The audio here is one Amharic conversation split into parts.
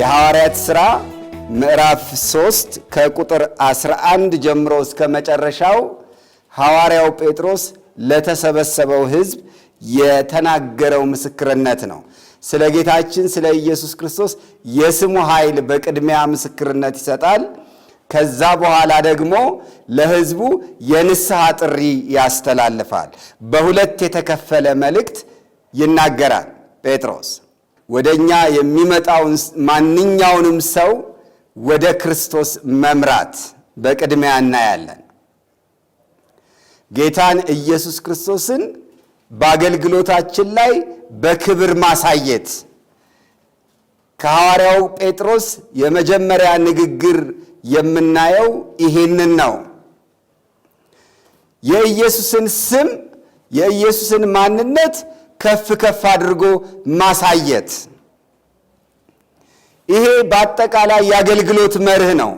የሐዋርያት ሥራ ምዕራፍ 3 ከቁጥር 11 ጀምሮ እስከ መጨረሻው ሐዋርያው ጴጥሮስ ለተሰበሰበው ሕዝብ የተናገረው ምስክርነት ነው። ስለ ጌታችን ስለ ኢየሱስ ክርስቶስ የስሙ ኃይል በቅድሚያ ምስክርነት ይሰጣል። ከዛ በኋላ ደግሞ ለሕዝቡ የንስሐ ጥሪ ያስተላልፋል። በሁለት የተከፈለ መልእክት ይናገራል ጴጥሮስ ወደ እኛ የሚመጣውን ማንኛውንም ሰው ወደ ክርስቶስ መምራት በቅድሚያ እናያለን። ጌታን ኢየሱስ ክርስቶስን በአገልግሎታችን ላይ በክብር ማሳየት ከሐዋርያው ጴጥሮስ የመጀመሪያ ንግግር የምናየው ይሄንን ነው። የኢየሱስን ስም የኢየሱስን ማንነት ከፍ ከፍ አድርጎ ማሳየት። ይሄ በአጠቃላይ የአገልግሎት መርህ ነው።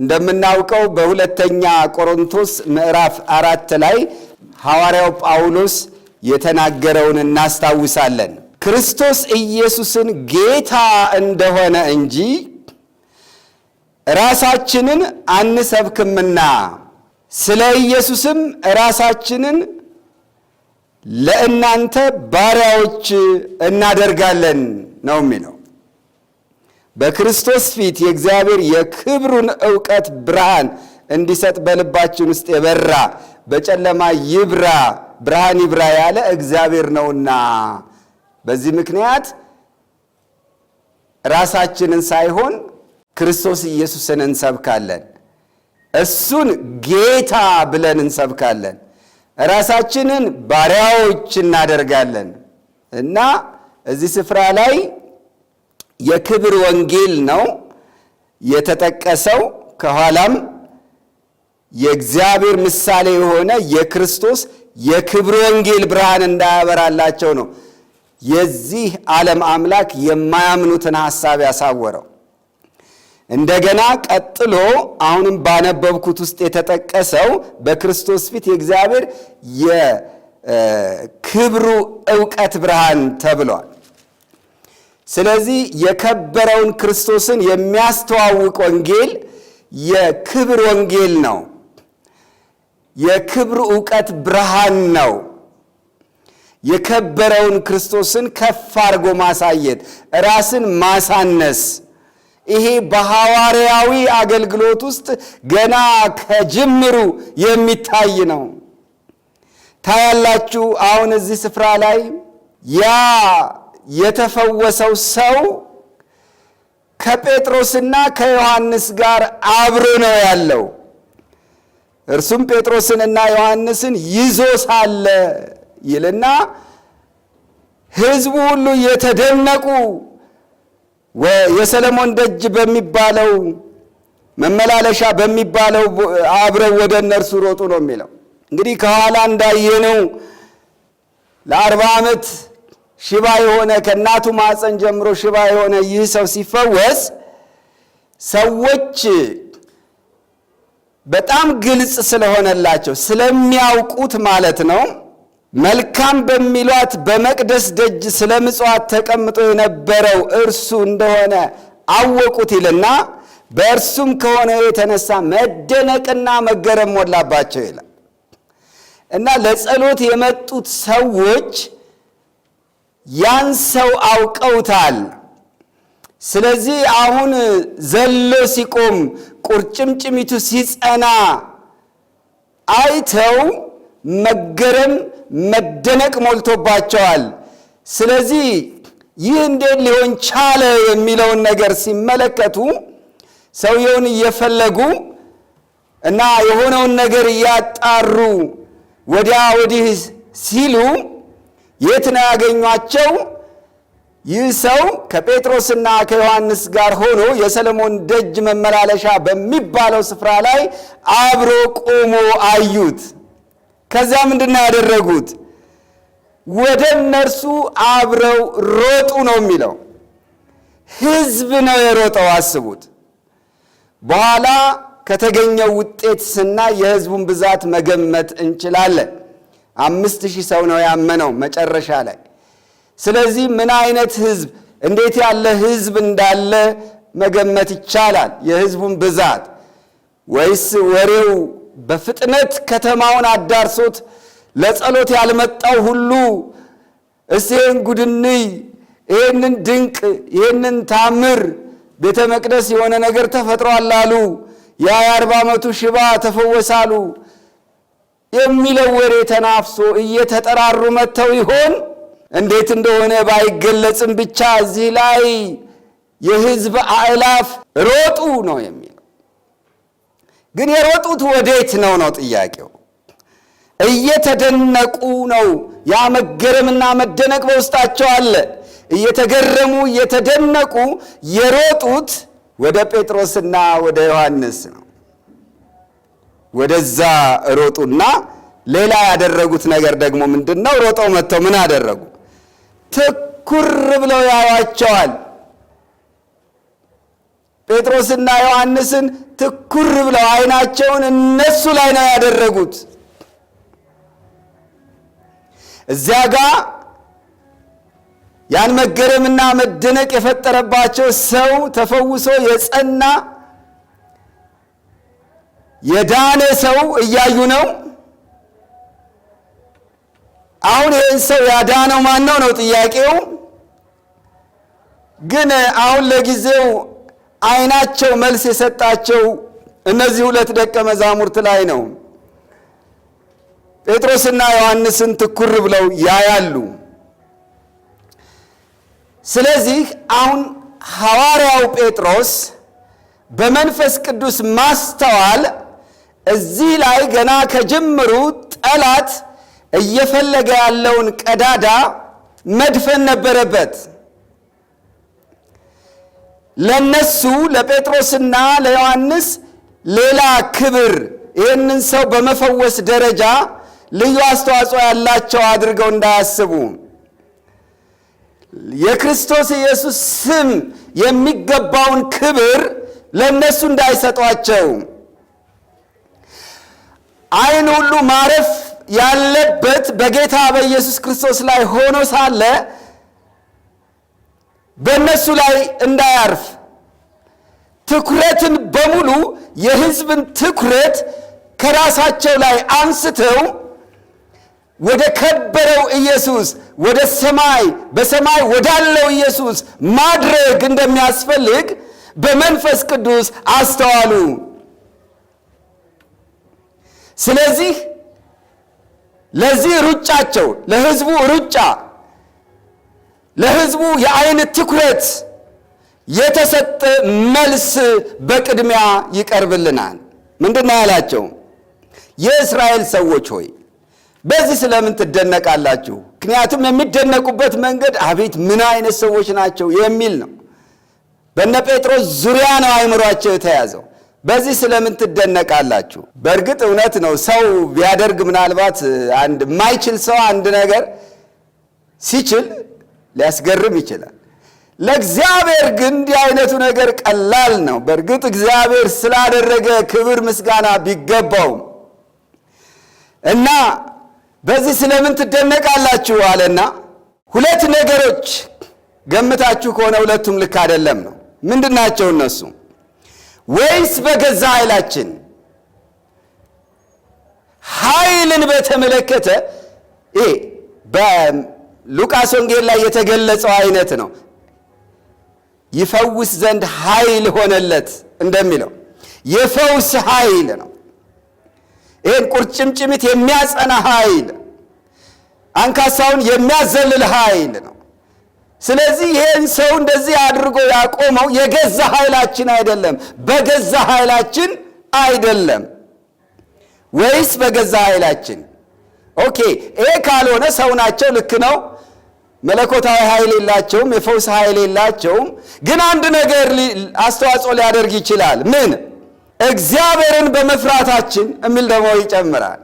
እንደምናውቀው በሁለተኛ ቆሮንቶስ ምዕራፍ አራት ላይ ሐዋርያው ጳውሎስ የተናገረውን እናስታውሳለን። ክርስቶስ ኢየሱስን ጌታ እንደሆነ እንጂ ራሳችንን አንሰብክምና ስለ ኢየሱስም ራሳችንን ለእናንተ ባሪያዎች እናደርጋለን ነው የሚለው። በክርስቶስ ፊት የእግዚአብሔር የክብሩን እውቀት ብርሃን እንዲሰጥ በልባችን ውስጥ የበራ በጨለማ ይብራ ብርሃን ይብራ ያለ እግዚአብሔር ነውና በዚህ ምክንያት ራሳችንን ሳይሆን ክርስቶስ ኢየሱስን እንሰብካለን። እሱን ጌታ ብለን እንሰብካለን። ራሳችንን ባሪያዎች እናደርጋለን እና እዚህ ስፍራ ላይ የክብር ወንጌል ነው የተጠቀሰው። ከኋላም የእግዚአብሔር ምሳሌ የሆነ የክርስቶስ የክብር ወንጌል ብርሃን እንዳያበራላቸው ነው የዚህ ዓለም አምላክ የማያምኑትን ሐሳብ ያሳወረው። እንደገና ቀጥሎ አሁንም ባነበብኩት ውስጥ የተጠቀሰው በክርስቶስ ፊት የእግዚአብሔር የክብሩ እውቀት ብርሃን ተብሏል። ስለዚህ የከበረውን ክርስቶስን የሚያስተዋውቅ ወንጌል የክብር ወንጌል ነው። የክብር እውቀት ብርሃን ነው። የከበረውን ክርስቶስን ከፍ አድርጎ ማሳየት፣ ራስን ማሳነስ ይሄ በሐዋርያዊ አገልግሎት ውስጥ ገና ከጅምሩ የሚታይ ነው። ታያላችሁ። አሁን እዚህ ስፍራ ላይ ያ የተፈወሰው ሰው ከጴጥሮስና ከዮሐንስ ጋር አብሮ ነው ያለው። እርሱም ጴጥሮስንና ዮሐንስን ይዞ ሳለ ይልና ሕዝቡ ሁሉ የተደነቁ የሰለሞን ደጅ በሚባለው መመላለሻ በሚባለው አብረው ወደ እነርሱ ሮጡ ነው የሚለው። እንግዲህ ከኋላ እንዳየነው ለአርባ ዓመት ሽባ የሆነ ከእናቱ ማፀን ጀምሮ ሽባ የሆነ ይህ ሰው ሲፈወስ ሰዎች በጣም ግልጽ ስለሆነላቸው ስለሚያውቁት ማለት ነው መልካም በሚሏት በመቅደስ ደጅ ስለ ምጽዋት ተቀምጦ የነበረው እርሱ እንደሆነ አወቁት ይልና በእርሱም ከሆነ የተነሳ መደነቅና መገረም ሞላባቸው ይላል እና ለጸሎት የመጡት ሰዎች ያን ሰው አውቀውታል። ስለዚህ አሁን ዘሎ ሲቆም ቁርጭምጭሚቱ ሲጸና አይተው መገረም፣ መደነቅ ሞልቶባቸዋል። ስለዚህ ይህ እንዴት ሊሆን ቻለ የሚለውን ነገር ሲመለከቱ ሰውየውን እየፈለጉ እና የሆነውን ነገር እያጣሩ ወዲያ ወዲህ ሲሉ የት ነው ያገኟቸው? ይህ ሰው ከጴጥሮስና ከዮሐንስ ጋር ሆኖ የሰለሞን ደጅ መመላለሻ በሚባለው ስፍራ ላይ አብሮ ቆሞ አዩት። ከዚያ ምንድን ነው ያደረጉት? ወደ እነርሱ አብረው ሮጡ ነው የሚለው። ህዝብ ነው የሮጠው። አስቡት። በኋላ ከተገኘው ውጤት ስናይ የህዝቡን ብዛት መገመት እንችላለን። አምስት ሺህ ሰው ነው ያመነው መጨረሻ ላይ። ስለዚህ ምን አይነት ህዝብ፣ እንዴት ያለ ህዝብ እንዳለ መገመት ይቻላል። የህዝቡን ብዛት ወይስ ወሬው በፍጥነት ከተማውን አዳርሶት ለጸሎት ያልመጣው ሁሉ እሴን ጉድንይ ይህንን ድንቅ ይህንን ታምር ቤተ መቅደስ የሆነ ነገር ተፈጥሯል አሉ። ያ የአርባ ዓመቱ ሽባ ተፈወሳሉ የሚለው ወሬ ተናፍሶ እየተጠራሩ መጥተው ይሆን? እንዴት እንደሆነ ባይገለጽም ብቻ እዚህ ላይ የሕዝብ አእላፍ ሮጡ ነው የሚል ግን የሮጡት ወዴት ነው ነው ጥያቄው። እየተደነቁ ነው። ያ መገረምና መደነቅ በውስጣቸው አለ። እየተገረሙ እየተደነቁ የሮጡት ወደ ጴጥሮስና ወደ ዮሐንስ ነው። ወደዛ ሮጡና ሌላ ያደረጉት ነገር ደግሞ ምንድን ነው? ሮጠው መጥተው ምን አደረጉ? ትኩር ብለው ያዋቸዋል። ጴጥሮስና ዮሐንስን ትኩር ብለው አይናቸውን እነሱ ላይ ነው ያደረጉት። እዚያ ጋ ያን መገረምና መደነቅ የፈጠረባቸው ሰው ተፈውሶ የጸና የዳነ ሰው እያዩ ነው። አሁን ይህን ሰው ያዳነው ማን ነው ነው ጥያቄው። ግን አሁን ለጊዜው አይናቸው መልስ የሰጣቸው እነዚህ ሁለት ደቀ መዛሙርት ላይ ነው። ጴጥሮስና ዮሐንስን ትኩር ብለው ያያሉ። ስለዚህ አሁን ሐዋርያው ጴጥሮስ በመንፈስ ቅዱስ ማስተዋል እዚህ ላይ ገና ከጅምሩ ጠላት እየፈለገ ያለውን ቀዳዳ መድፈን ነበረበት። ለነሱ ለጴጥሮስና ለዮሐንስ ሌላ ክብር ይህንን ሰው በመፈወስ ደረጃ ልዩ አስተዋጽኦ ያላቸው አድርገው እንዳያስቡ የክርስቶስ ኢየሱስ ስም የሚገባውን ክብር ለእነሱ እንዳይሰጧቸው አይን ሁሉ ማረፍ ያለበት በጌታ በኢየሱስ ክርስቶስ ላይ ሆኖ ሳለ በእነሱ ላይ እንዳያርፍ ትኩረትን በሙሉ የህዝብን ትኩረት ከራሳቸው ላይ አንስተው ወደ ከበረው ኢየሱስ ወደ ሰማይ በሰማይ ወዳለው ኢየሱስ ማድረግ እንደሚያስፈልግ በመንፈስ ቅዱስ አስተዋሉ። ስለዚህ ለዚህ ሩጫቸው ለህዝቡ ሩጫ ለህዝቡ የአይን ትኩረት የተሰጠ መልስ በቅድሚያ ይቀርብልናል። ምንድን ነው ያላቸው? የእስራኤል ሰዎች ሆይ በዚህ ስለምን ትደነቃላችሁ? ምክንያቱም የሚደነቁበት መንገድ አቤት ምን አይነት ሰዎች ናቸው የሚል ነው። በነ ጴጥሮስ ዙሪያ ነው አይምሯቸው የተያዘው። በዚህ ስለምን ትደነቃላችሁ? በእርግጥ እውነት ነው። ሰው ቢያደርግ ምናልባት አንድ የማይችል ሰው አንድ ነገር ሲችል ሊያስገርም ይችላል። ለእግዚአብሔር ግን እንዲህ አይነቱ ነገር ቀላል ነው። በእርግጥ እግዚአብሔር ስላደረገ ክብር ምስጋና ቢገባውም እና በዚህ ስለምን ትደነቃላችሁ አለና ሁለት ነገሮች ገምታችሁ ከሆነ ሁለቱም ልክ አይደለም ነው። ምንድን ናቸው እነሱ? ወይስ በገዛ ኃይላችን ኃይልን በተመለከተ ሉቃስ ወንጌል ላይ የተገለጸው አይነት ነው። ይፈውስ ዘንድ ኃይል ሆነለት እንደሚለው የፈውስ ኃይል ነው። ይህን ቁርጭምጭሚት የሚያጸና ኃይል፣ አንካሳውን የሚያዘልል ኃይል ነው። ስለዚህ ይህን ሰው እንደዚህ አድርጎ ያቆመው የገዛ ኃይላችን አይደለም፣ በገዛ ኃይላችን አይደለም ወይስ በገዛ ኃይላችን? ኦኬ፣ ይሄ ካልሆነ ሰው ናቸው፣ ልክ ነው። መለኮታዊ ኃይል የላቸውም፣ የፈውስ ኃይል የላቸውም። ግን አንድ ነገር አስተዋጽኦ ሊያደርግ ይችላል። ምን? እግዚአብሔርን በመፍራታችን የሚል ደግሞ ይጨምራል።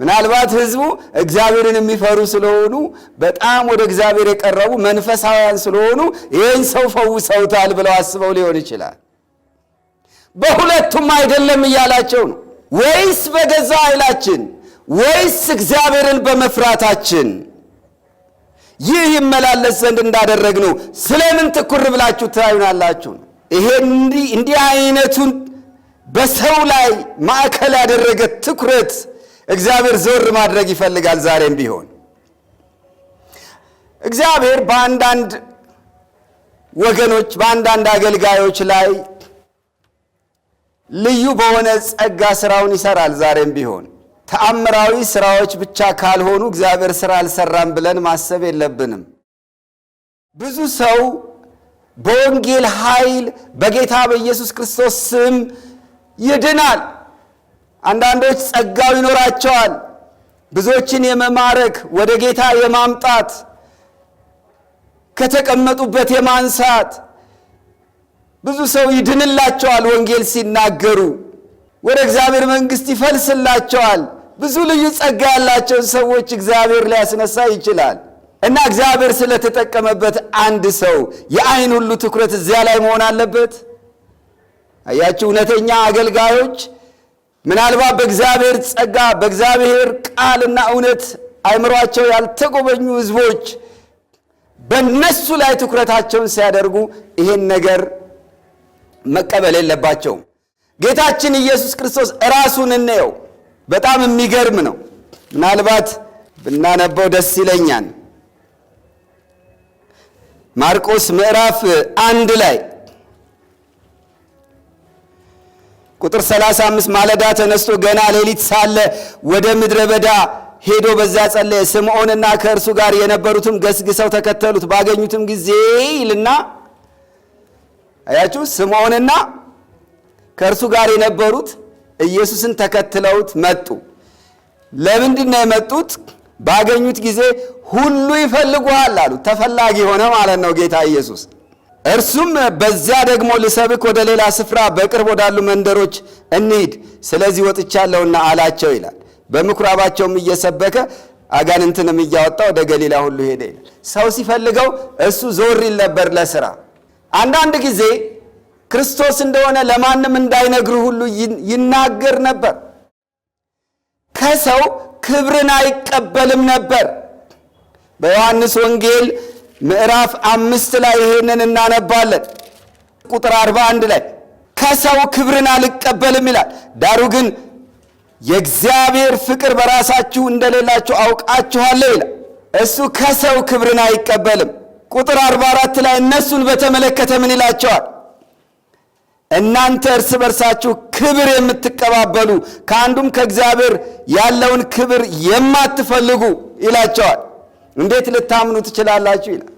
ምናልባት ህዝቡ እግዚአብሔርን የሚፈሩ ስለሆኑ በጣም ወደ እግዚአብሔር የቀረቡ መንፈሳውያን ስለሆኑ ይህን ሰው ፈውሰውታል ብለው አስበው ሊሆን ይችላል። በሁለቱም አይደለም እያላቸው ነው። ወይስ በገዛ ኃይላችን ወይስ እግዚአብሔርን በመፍራታችን ይህ ይመላለስ ዘንድ ነው ስለምን ትኩር ብላችሁ ታዩናላችሁ? ይሄ እንዲህ አይነቱን በሰው ላይ ማዕከል ያደረገ ትኩረት እግዚአብሔር ዘወር ማድረግ ይፈልጋል። ዛሬም ቢሆን እግዚአብሔር በአንዳንድ ወገኖች በአንዳንድ አገልጋዮች ላይ ልዩ በሆነ ጸጋ ስራውን ይሰራል። ዛሬም ቢሆን ተአምራዊ ስራዎች ብቻ ካልሆኑ እግዚአብሔር ስራ አልሰራም ብለን ማሰብ የለብንም። ብዙ ሰው በወንጌል ኃይል በጌታ በኢየሱስ ክርስቶስ ስም ይድናል። አንዳንዶች ጸጋው ይኖራቸዋል፣ ብዙዎችን የመማረክ ወደ ጌታ የማምጣት ከተቀመጡበት የማንሳት ብዙ ሰው ይድንላቸዋል። ወንጌል ሲናገሩ ወደ እግዚአብሔር መንግሥት ይፈልስላቸዋል። ብዙ ልዩ ጸጋ ያላቸውን ሰዎች እግዚአብሔር ሊያስነሳ ይችላል። እና እግዚአብሔር ስለተጠቀመበት አንድ ሰው የአይን ሁሉ ትኩረት እዚያ ላይ መሆን አለበት። አያችሁ፣ እውነተኛ አገልጋዮች ምናልባት በእግዚአብሔር ጸጋ በእግዚአብሔር ቃልና እውነት አይምሯቸው ያልተጎበኙ ህዝቦች በእነሱ ላይ ትኩረታቸውን ሲያደርጉ ይሄን ነገር መቀበል የለባቸውም። ጌታችን ኢየሱስ ክርስቶስ ራሱን እንየው። በጣም የሚገርም ነው። ምናልባት ብናነበው ደስ ይለኛል። ማርቆስ ምዕራፍ አንድ ላይ ቁጥር 35 ማለዳ ተነስቶ ገና ሌሊት ሳለ ወደ ምድረ በዳ ሄዶ በዚያ ጸለየ። ስምዖንና ከእርሱ ጋር የነበሩትም ገስግሰው ተከተሉት። ባገኙትም ጊዜ ይልና አያችሁ፣ ስምዖንና ከእርሱ ጋር የነበሩት ኢየሱስን ተከትለውት መጡ። ለምንድን ነው የመጡት? ባገኙት ጊዜ ሁሉ ይፈልጉሃል አሉ። ተፈላጊ ሆነ ማለት ነው ጌታ ኢየሱስ። እርሱም በዚያ ደግሞ ልሰብክ ወደ ሌላ ስፍራ በቅርብ ወዳሉ መንደሮች እንሂድ፣ ስለዚህ ወጥቻለሁና አላቸው ይላል። በምኩራባቸውም እየሰበከ አጋንንትንም እያወጣ ወደ ገሊላ ሁሉ ሄደ ይላል። ሰው ሲፈልገው እሱ ዞር ይል ነበር ለስራ አንዳንድ ጊዜ ክርስቶስ እንደሆነ ለማንም እንዳይነግሩ ሁሉ ይናገር ነበር። ከሰው ክብርን አይቀበልም ነበር። በዮሐንስ ወንጌል ምዕራፍ አምስት ላይ ይሄንን እናነባለን። ቁጥር 41 ላይ ከሰው ክብርን አልቀበልም ይላል። ዳሩ ግን የእግዚአብሔር ፍቅር በራሳችሁ እንደሌላችሁ አውቃችኋለሁ ይላል። እሱ ከሰው ክብርን አይቀበልም። ቁጥር 44 ላይ እነሱን በተመለከተ ምን ይላቸዋል? እናንተ እርስ በርሳችሁ ክብር የምትቀባበሉ ከአንዱም ከእግዚአብሔር ያለውን ክብር የማትፈልጉ ይላቸዋል። እንዴት ልታምኑ ትችላላችሁ? ይላል።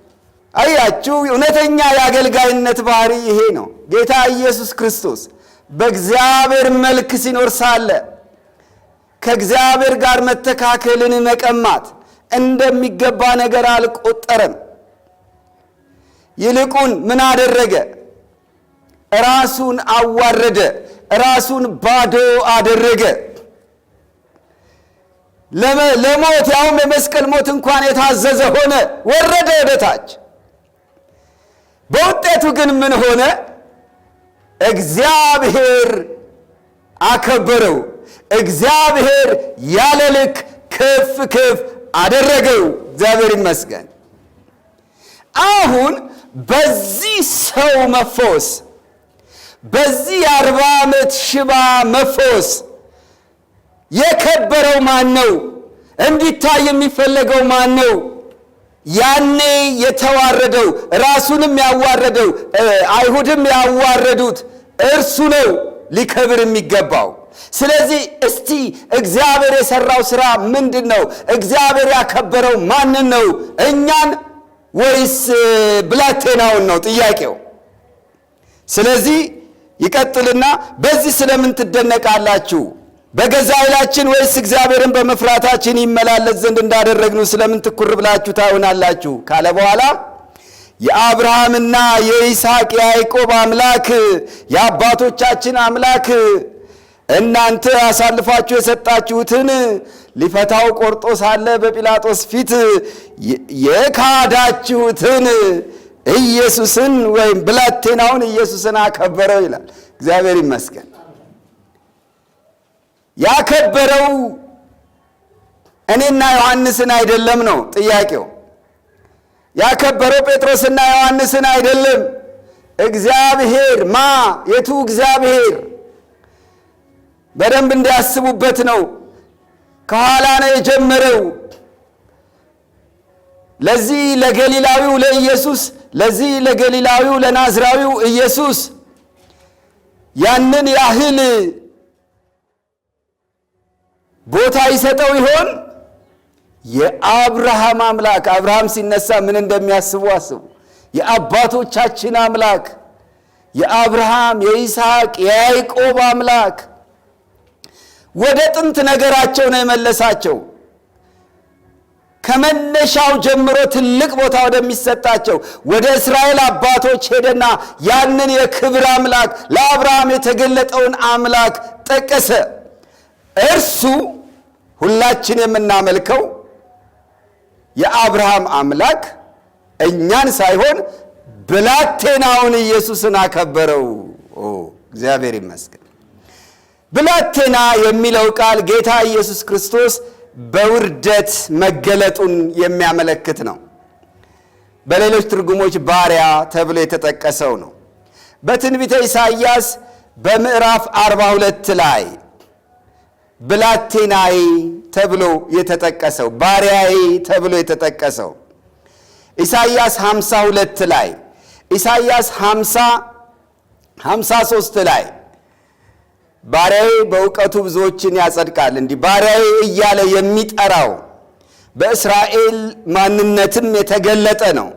አያችሁ፣ እውነተኛ የአገልጋይነት ባህሪ ይሄ ነው። ጌታ ኢየሱስ ክርስቶስ በእግዚአብሔር መልክ ሲኖር ሳለ ከእግዚአብሔር ጋር መተካከልን መቀማት እንደሚገባ ነገር አልቆጠረም። ይልቁን ምን አደረገ? ራሱን አዋረደ፣ ራሱን ባዶ አደረገ። ለሞት ያውም የመስቀል ሞት እንኳን የታዘዘ ሆነ፣ ወረደ ወደ በውጤቱ ግን ምን ሆነ? እግዚአብሔር አከበረው። እግዚአብሔር ያለ ልክ ከፍ ከፍ አደረገው። እግዚአብሔር ይመስገን። አሁን በዚህ ሰው መፈወስ በዚህ የአርባ ዓመት ሽባ መፎስ የከበረው ማን ነው? እንዲታይ የሚፈለገው ማን ነው? ያኔ የተዋረደው ራሱንም ያዋረደው አይሁድም ያዋረዱት እርሱ ነው ሊከብር የሚገባው። ስለዚህ እስቲ እግዚአብሔር የሰራው ስራ ምንድን ነው? እግዚአብሔር ያከበረው ማንን ነው? እኛን ወይስ ብላቴናውን ነው ጥያቄው። ስለዚህ ይቀጥልና በዚህ ስለምን ትደነቃላችሁ? በገዛ ኃይላችን ወይስ እግዚአብሔርን በመፍራታችን ይመላለስ ዘንድ እንዳደረግነው ስለምን ትኩር ብላችሁ ታውናላችሁ? ካለ በኋላ የአብርሃምና የይስሐቅ የያዕቆብ አምላክ የአባቶቻችን አምላክ እናንተ አሳልፋችሁ የሰጣችሁትን ሊፈታው ቆርጦ ሳለ በጲላጦስ ፊት የካዳችሁትን ኢየሱስን ወይም ብላቴናውን ኢየሱስን አከበረው ይላል። እግዚአብሔር ይመስገን። ያከበረው እኔና ዮሐንስን አይደለም ነው ጥያቄው። ያከበረው ጴጥሮስና ዮሐንስን አይደለም። እግዚአብሔር ማ የቱ እግዚአብሔር በደንብ እንዲያስቡበት ነው። ከኋላ ነው የጀመረው። ለዚህ ለገሊላዊው ለኢየሱስ ለዚህ ለገሊላዊው ለናዝራዊው ኢየሱስ ያንን ያህል ቦታ ይሰጠው ይሆን? የአብርሃም አምላክ አብርሃም ሲነሳ ምን እንደሚያስቡ አስቡ። የአባቶቻችን አምላክ የአብርሃም የይስሐቅ የያይቆብ አምላክ ወደ ጥንት ነገራቸው ነው የመለሳቸው። ከመነሻው ጀምሮ ትልቅ ቦታ ወደሚሰጣቸው ወደ እስራኤል አባቶች ሄደና ያንን የክብር አምላክ ለአብርሃም የተገለጠውን አምላክ ጠቀሰ። እርሱ ሁላችን የምናመልከው የአብርሃም አምላክ እኛን ሳይሆን ብላቴናውን ኢየሱስን አከበረው። እግዚአብሔር ይመስገን። ብላቴና የሚለው ቃል ጌታ ኢየሱስ ክርስቶስ በውርደት መገለጡን የሚያመለክት ነው። በሌሎች ትርጉሞች ባሪያ ተብሎ የተጠቀሰው ነው። በትንቢተ ኢሳይያስ በምዕራፍ 42 ላይ ብላቴናዬ ተብሎ የተጠቀሰው ባሪያዬ ተብሎ የተጠቀሰው ኢሳይያስ 52 ላይ ኢሳይያስ 50 53 ላይ ባሪያዬ በእውቀቱ ብዙዎችን ያጸድቃል። እንዲህ ባሪያዬ እያለ የሚጠራው በእስራኤል ማንነትም የተገለጠ ነው።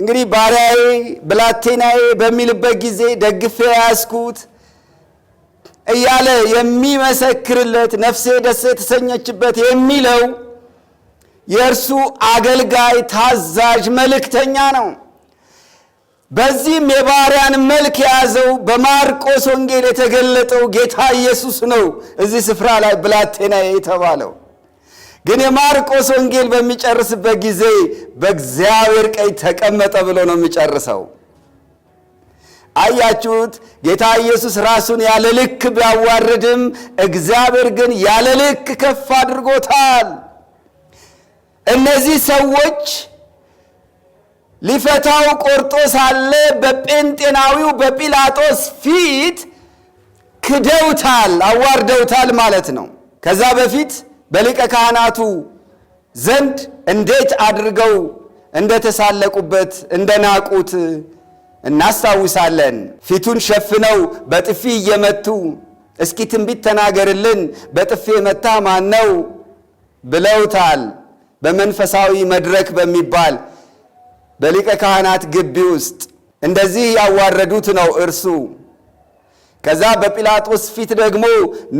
እንግዲህ ባሪያዬ ብላቴናዬ በሚልበት ጊዜ ደግፌ ያስኩት እያለ የሚመሰክርለት ነፍሴ ደስ የተሰኘችበት የሚለው የእርሱ አገልጋይ ታዛዥ መልእክተኛ ነው። በዚህም የባሪያን መልክ የያዘው በማርቆስ ወንጌል የተገለጠው ጌታ ኢየሱስ ነው። እዚህ ስፍራ ላይ ብላቴና የተባለው ግን የማርቆስ ወንጌል በሚጨርስበት ጊዜ በእግዚአብሔር ቀኝ ተቀመጠ ብሎ ነው የሚጨርሰው። አያችሁት? ጌታ ኢየሱስ ራሱን ያለ ልክ ቢያዋርድም እግዚአብሔር ግን ያለ ልክ ከፍ አድርጎታል። እነዚህ ሰዎች ሊፈታው ቆርጦ ሳለ በጴንጤናዊው በጲላጦስ ፊት ክደውታል፣ አዋርደውታል ማለት ነው። ከዛ በፊት በሊቀ ካህናቱ ዘንድ እንዴት አድርገው እንደተሳለቁበት እንደናቁት እናስታውሳለን። ፊቱን ሸፍነው በጥፊ እየመቱ እስኪ ትንቢት ተናገርልን፣ በጥፊ መታ ማን ነው ብለውታል። በመንፈሳዊ መድረክ በሚባል በሊቀ ካህናት ግቢ ውስጥ እንደዚህ ያዋረዱት ነው እርሱ። ከዛ በጲላጦስ ፊት ደግሞ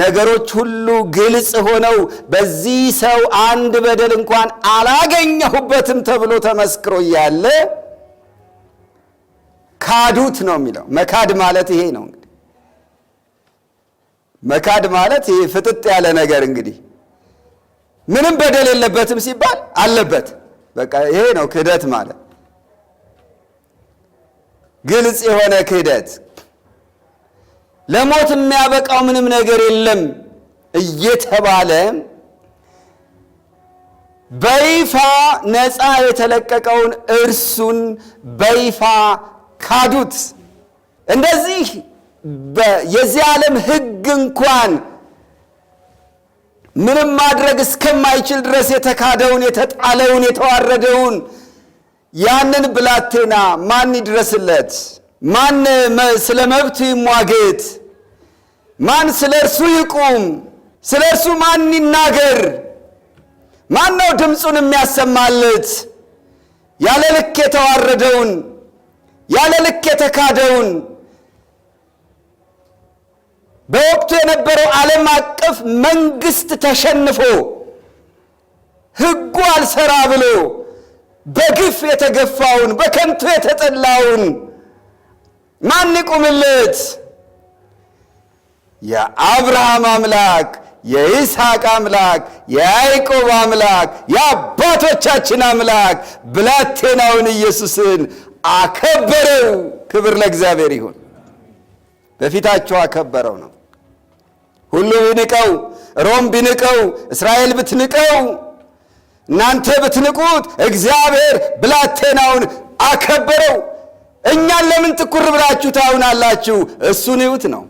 ነገሮች ሁሉ ግልጽ ሆነው በዚህ ሰው አንድ በደል እንኳን አላገኘሁበትም ተብሎ ተመስክሮ እያለ ካዱት ነው የሚለው። መካድ ማለት ይሄ ነው እንግዲህ። መካድ ማለት ይሄ ፍጥጥ ያለ ነገር እንግዲህ ምንም በደል የለበትም ሲባል አለበት። በቃ ይሄ ነው ክህደት ማለት ግልጽ የሆነ ክህደት ለሞት የሚያበቃው ምንም ነገር የለም እየተባለ በይፋ ነፃ የተለቀቀውን እርሱን በይፋ ካዱት። እንደዚህ የዚህ ዓለም ሕግ እንኳን ምንም ማድረግ እስከማይችል ድረስ የተካደውን፣ የተጣለውን፣ የተዋረደውን ያንን ብላቴና ማን ይድረስለት? ማን ስለ መብቱ ይሟገት? ማን ስለ እርሱ ይቁም? ስለ እርሱ ማን ይናገር? ማን ነው ድምፁን የሚያሰማለት? ያለ ልክ የተዋረደውን ያለ ልክ የተካደውን በወቅቱ የነበረው ዓለም አቀፍ መንግሥት ተሸንፎ ሕጉ አልሰራ ብሎ በግፍ የተገፋውን በከንቱ የተጠላውን ማን ይቁምለት? የአብርሃም አምላክ የይስሐቅ አምላክ የያዕቆብ አምላክ የአባቶቻችን አምላክ ብላቴናውን ኢየሱስን አከበረው። ክብር ለእግዚአብሔር ይሁን። በፊታቸው አከበረው ነው። ሁሉ ቢንቀው፣ ሮም ቢንቀው፣ እስራኤል ብትንቀው እናንተ ብትንቁት እግዚአብሔር ብላቴናውን አከበረው። እኛን ለምን ትኩር ብላችሁ ታዩናላችሁ? እሱን እዩት ነው።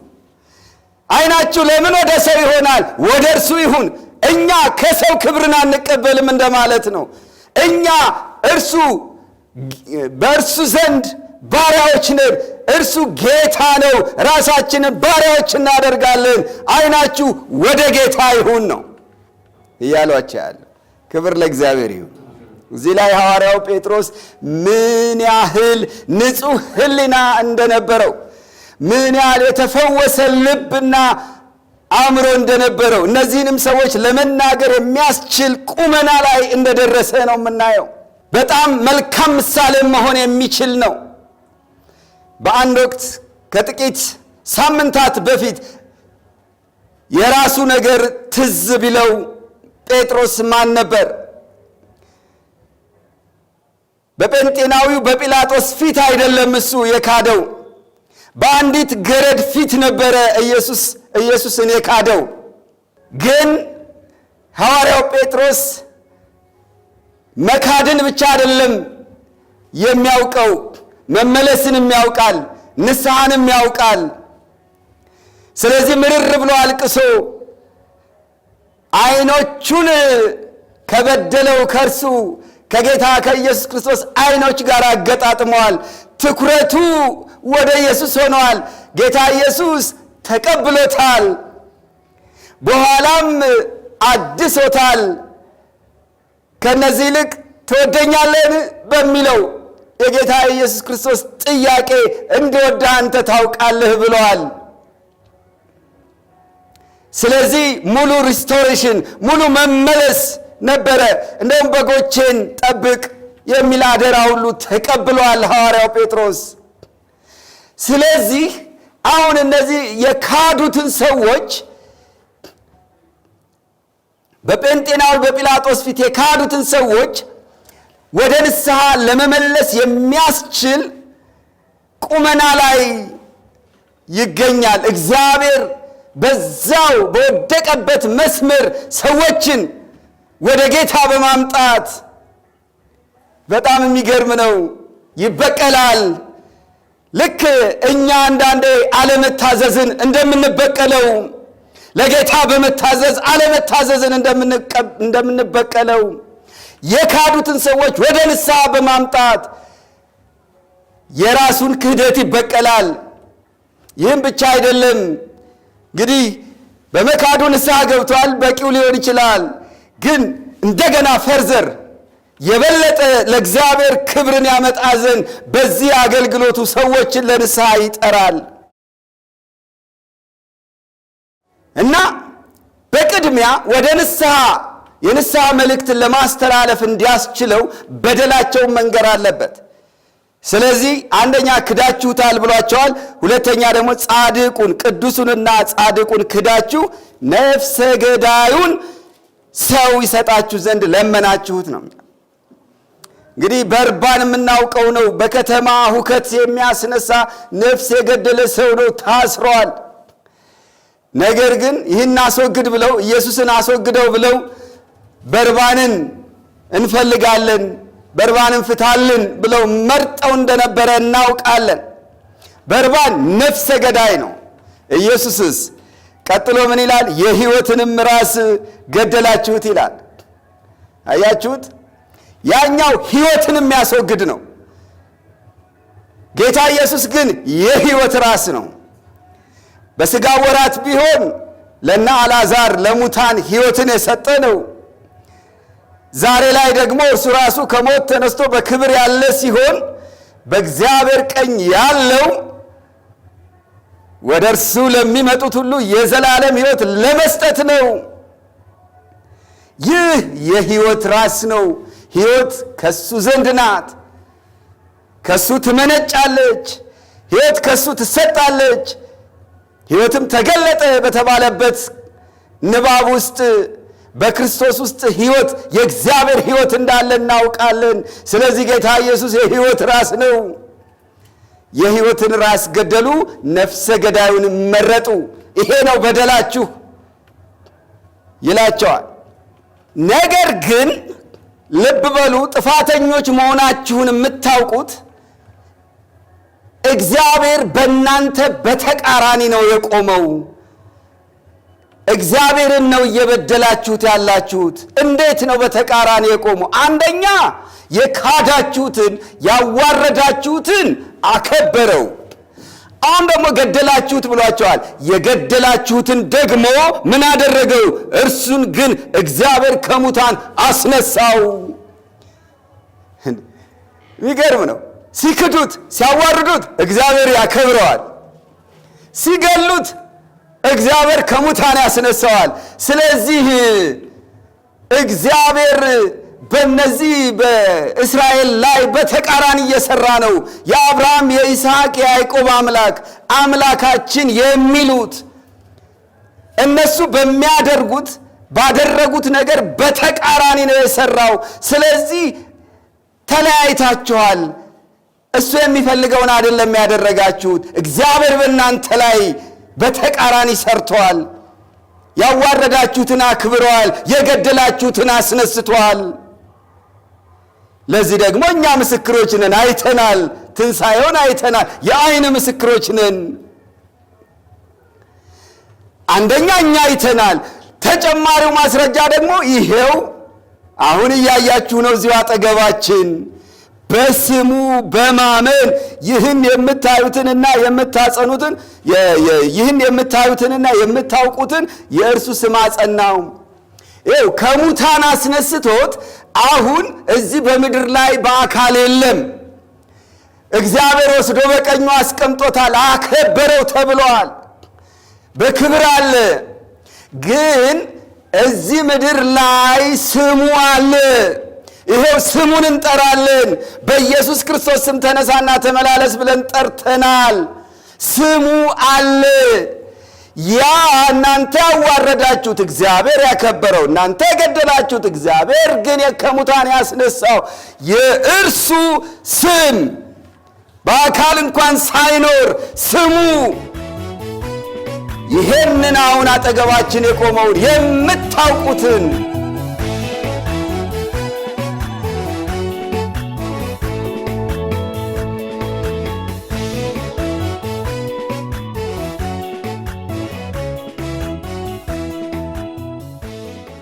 ዓይናችሁ ለምን ወደ ሰው ይሆናል? ወደ እርሱ ይሁን። እኛ ከሰው ክብርን አንቀበልም እንደማለት ነው። እኛ እርሱ በእርሱ ዘንድ ባሪያዎች ነን። እርሱ ጌታ ነው። ራሳችንን ባሪያዎች እናደርጋለን። ዓይናችሁ ወደ ጌታ ይሁን ነው እያሏቸው ያለ ክብር ለእግዚአብሔር ይሁን። እዚህ ላይ ሐዋርያው ጴጥሮስ ምን ያህል ንጹሕ ሕሊና እንደነበረው ምን ያህል የተፈወሰ ልብና አእምሮ እንደነበረው እነዚህንም ሰዎች ለመናገር የሚያስችል ቁመና ላይ እንደደረሰ ነው የምናየው። በጣም መልካም ምሳሌ መሆን የሚችል ነው። በአንድ ወቅት ከጥቂት ሳምንታት በፊት የራሱ ነገር ትዝ ቢለው ጴጥሮስ ማን ነበር? በጴንጤናዊው በጲላጦስ ፊት አይደለም እሱ የካደው፣ በአንዲት ገረድ ፊት ነበረ ኢየሱስ ኢየሱስን የካደው። ግን ሐዋርያው ጴጥሮስ መካድን ብቻ አይደለም የሚያውቀው፣ መመለስንም ያውቃል፣ ንስሐንም ያውቃል። ስለዚህ ምርር ብሎ አልቅሶ አይኖቹን ከበደለው ከእርሱ ከጌታ ከኢየሱስ ክርስቶስ አይኖች ጋር አገጣጥመዋል። ትኩረቱ ወደ ኢየሱስ ሆነዋል። ጌታ ኢየሱስ ተቀብሎታል፣ በኋላም አድሶታል። ከእነዚህ ይልቅ ትወደኛለን በሚለው የጌታ ኢየሱስ ክርስቶስ ጥያቄ እንደወደ አንተ ታውቃለህ ብለዋል። ስለዚህ ሙሉ ሪስቶሬሽን ሙሉ መመለስ ነበረ። እንደውም በጎቼን ጠብቅ የሚል አደራ ሁሉ ተቀብሏል ሐዋርያው ጴጥሮስ። ስለዚህ አሁን እነዚህ የካዱትን ሰዎች በጴንጤናዊ በጲላጦስ ፊት የካዱትን ሰዎች ወደ ንስሐ ለመመለስ የሚያስችል ቁመና ላይ ይገኛል እግዚአብሔር በዛው በወደቀበት መስመር ሰዎችን ወደ ጌታ በማምጣት በጣም የሚገርም ነው። ይበቀላል። ልክ እኛ አንዳንዴ አለመታዘዝን እንደምንበቀለው ለጌታ በመታዘዝ አለመታዘዝን እንደምንበቀለው የካዱትን ሰዎች ወደ ንስሐ በማምጣት የራሱን ክህደት ይበቀላል። ይህም ብቻ አይደለም። እንግዲህ በመካዱ ንስሐ ገብቷል፣ በቂው ሊሆን ይችላል። ግን እንደገና ፈርዘር የበለጠ ለእግዚአብሔር ክብርን ያመጣ ዘንድ በዚህ አገልግሎቱ ሰዎችን ለንስሐ ይጠራል እና በቅድሚያ ወደ ንስሐ የንስሐ መልእክትን ለማስተላለፍ እንዲያስችለው በደላቸውን መንገር አለበት። ስለዚህ አንደኛ ክዳችሁታል ብሏቸዋል። ሁለተኛ ደግሞ ጻድቁን ቅዱሱንና ጻድቁን ክዳችሁ ነፍሰ ገዳዩን ሰው ይሰጣችሁ ዘንድ ለመናችሁት ነው። እንግዲህ በርባን የምናውቀው ነው። በከተማ ሁከት የሚያስነሳ ነፍስ የገደለ ሰው ነው፣ ታስሯል። ነገር ግን ይህን አስወግድ ብለው ኢየሱስን አስወግደው ብለው በርባንን እንፈልጋለን በርባንን ፍታልን ብለው መርጠው እንደነበረ እናውቃለን። በርባን ነፍሰ ገዳይ ነው። ኢየሱስስ ቀጥሎ ምን ይላል? የሕይወትንም ራስ ገደላችሁት ይላል። አያችሁት? ያኛው ሕይወትን የሚያስወግድ ነው። ጌታ ኢየሱስ ግን የሕይወት ራስ ነው። በሥጋ ወራት ቢሆን ለነ አልዓዛር ለሙታን ሕይወትን የሰጠ ነው። ዛሬ ላይ ደግሞ እርሱ ራሱ ከሞት ተነስቶ በክብር ያለ ሲሆን በእግዚአብሔር ቀኝ ያለው ወደ እርሱ ለሚመጡት ሁሉ የዘላለም ሕይወት ለመስጠት ነው። ይህ የሕይወት ራስ ነው። ሕይወት ከሱ ዘንድ ናት። ከሱ ትመነጫለች። ሕይወት ከሱ ትሰጣለች። ሕይወትም ተገለጠ በተባለበት ንባብ ውስጥ በክርስቶስ ውስጥ ህይወት የእግዚአብሔር ህይወት እንዳለ እናውቃለን። ስለዚህ ጌታ ኢየሱስ የህይወት ራስ ነው። የህይወትን ራስ ገደሉ፣ ነፍሰ ገዳዩን መረጡ። ይሄ ነው በደላችሁ ይላቸዋል። ነገር ግን ልብ በሉ፣ ጥፋተኞች መሆናችሁን የምታውቁት እግዚአብሔር በእናንተ በተቃራኒ ነው የቆመው እግዚአብሔርን ነው እየበደላችሁት ያላችሁት። እንዴት ነው በተቃራኒ የቆሙ? አንደኛ የካዳችሁትን ያዋረዳችሁትን አከበረው። አሁን ደግሞ ገደላችሁት ብሏቸዋል። የገደላችሁትን ደግሞ ምን አደረገው? እርሱን ግን እግዚአብሔር ከሙታን አስነሳው። የሚገርም ነው። ሲክዱት፣ ሲያዋርዱት እግዚአብሔር ያከብረዋል። ሲገሉት እግዚአብሔር ከሙታን ያስነሳዋል። ስለዚህ እግዚአብሔር በነዚህ በእስራኤል ላይ በተቃራኒ እየሰራ ነው። የአብርሃም የይስሐቅ የያዕቆብ አምላክ አምላካችን የሚሉት እነሱ በሚያደርጉት ባደረጉት ነገር በተቃራኒ ነው የሰራው። ስለዚህ ተለያይታችኋል። እሱ የሚፈልገውን አይደለም ያደረጋችሁት። እግዚአብሔር በእናንተ ላይ በተቃራኒ ሰርተዋል። ያዋረዳችሁትን አክብረዋል፣ የገደላችሁትን አስነስተዋል። ለዚህ ደግሞ እኛ ምስክሮች ነን። አይተናል፣ ትንሣኤውን አይተናል። የአይን ምስክሮች ነን። አንደኛ እኛ አይተናል። ተጨማሪው ማስረጃ ደግሞ ይሄው አሁን እያያችሁ ነው፣ እዚሁ አጠገባችን በስሙ በማመን ይህም የምታዩትንና የምታጸኑትን ይህን የምታዩትንና የምታውቁትን የእርሱ ስም አጸናው። ይኸው ከሙታን አስነስቶት አሁን እዚህ በምድር ላይ በአካል የለም። እግዚአብሔር ወስዶ በቀኙ አስቀምጦታል፣ አከበረው ተብለዋል። በክብር አለ። ግን እዚህ ምድር ላይ ስሙ አለ። ይሄው ስሙን እንጠራለን። በኢየሱስ ክርስቶስ ስም ተነሳና ተመላለስ ብለን ጠርተናል። ስሙ አለ። ያ እናንተ ያዋረዳችሁት እግዚአብሔር ያከበረው፣ እናንተ የገደላችሁት እግዚአብሔር ግን ከሙታን ያስነሳው የእርሱ ስም በአካል እንኳን ሳይኖር ስሙ ይሄንን አሁን አጠገባችን የቆመውን የምታውቁትን